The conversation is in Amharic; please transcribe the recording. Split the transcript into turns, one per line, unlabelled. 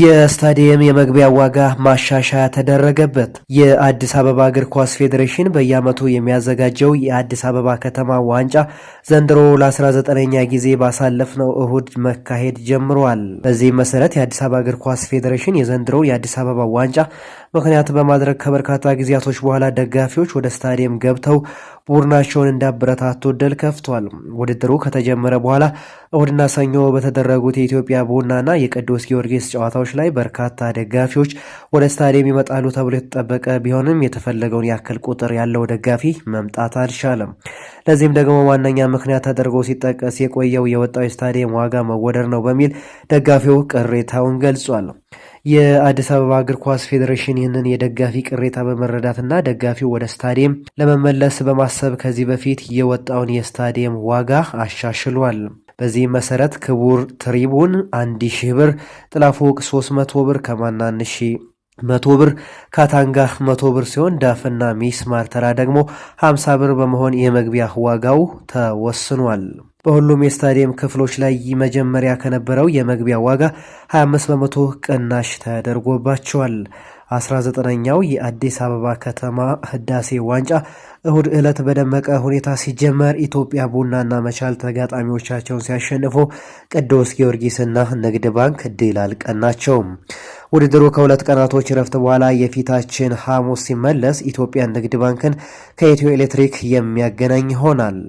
የስታዲየም የመግቢያ ዋጋ ማሻሻያ ተደረገበት። የአዲስ አበባ እግር ኳስ ፌዴሬሽን በየዓመቱ የሚያዘጋጀው የአዲስ አበባ ከተማ ዋንጫ ዘንድሮ ለ19ኛ ጊዜ ባሳለፍነው እሁድ መካሄድ ጀምሯል። በዚህም መሰረት የአዲስ አበባ እግር ኳስ ፌዴሬሽን የዘንድሮ የአዲስ አበባ ዋንጫ ምክንያት በማድረግ ከበርካታ ጊዜያቶች በኋላ ደጋፊዎች ወደ ስታዲየም ገብተው ቡድናቸውን እንዳበረታቱ እድል ከፍቷል። ውድድሩ ከተጀመረ በኋላ እሁድና ሰኞ በተደረጉት የኢትዮጵያ ቡናና የቅዱስ ጊዮርጊስ ጨዋታዎች ላይ በርካታ ደጋፊዎች ወደ ስታዲየም ይመጣሉ ተብሎ የተጠበቀ ቢሆንም የተፈለገውን ያክል ቁጥር ያለው ደጋፊ መምጣት አልቻለም። ለዚህም ደግሞ ዋነኛ ምክንያት ተደርጎ ሲጠቀስ የቆየው የወጣው የስታዲየም ዋጋ መወደር ነው በሚል ደጋፊው ቅሬታውን ገልጿል። የአዲስ አበባ እግር ኳስ ፌዴሬሽን ይህንን የደጋፊ ቅሬታ በመረዳትና ደጋፊው ወደ ስታዲየም ለመመለስ በማሰብ ከዚህ በፊት የወጣውን የስታዲየም ዋጋ አሻሽሏል። በዚህ መሰረት ክቡር ትሪቡን አንድ ሺህ ብር፣ ጥላፎቅ ሶስት መቶ ብር፣ ከማና ሺህ መቶ ብር ካታንጋ መቶ ብር ሲሆን ዳፍና ሚስማር ተራ ደግሞ ሀምሳ ብር በመሆን የመግቢያ ዋጋው ተወስኗል። በሁሉም የስታዲየም ክፍሎች ላይ መጀመሪያ ከነበረው የመግቢያ ዋጋ 25 በመቶ ቅናሽ ተደርጎባቸዋል። 19ኛው የአዲስ አበባ ከተማ ህዳሴ ዋንጫ እሁድ ዕለት በደመቀ ሁኔታ ሲጀመር ኢትዮጵያ ቡናና መቻል ተጋጣሚዎቻቸውን ሲያሸንፉ ቅዱስ ጊዮርጊስና ንግድ ባንክ ድል አልቀናቸውም። ውድድሩ ከሁለት ቀናቶች ረፍት በኋላ የፊታችን ሐሙስ ሲመለስ ኢትዮጵያ ንግድ ባንክን ከኢትዮ ኤሌክትሪክ የሚያገናኝ ይሆናል።